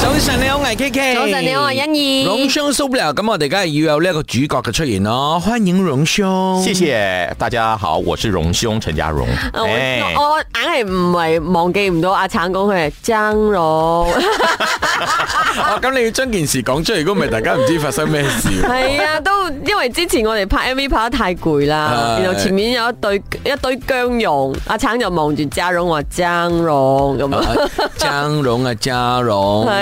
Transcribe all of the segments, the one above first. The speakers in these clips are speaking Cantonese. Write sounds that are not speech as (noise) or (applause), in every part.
早晨你好，我係 KK。早晨你好，我，是 KK。早晨你好，我是欣怡。榮兄受不了，咁我哋梗係要有呢一個主角嘅出現咯，歡迎榮兄。謝謝大家好，我是榮兄陳家榮、啊。我硬係唔係忘記唔到阿橙講佢係張蓉。我咁、 (laughs) (laughs) 啊、你要將件事講出嚟，如果唔係大家唔知道發生咩事。係 (laughs) 啊，都因為之前我哋拍 M V 拍得太攰啦，然後前面有一對一堆姜蓉，阿橙就望住嘉榮話張蓉咁。張蓉啊，嘉榮、啊。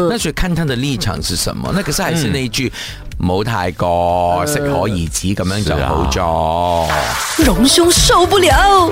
那所以看他的立場是什麼？那可是還是那句，唔好、嗯、太過適可而止，這樣就好咗。榮、啊、兄受不了。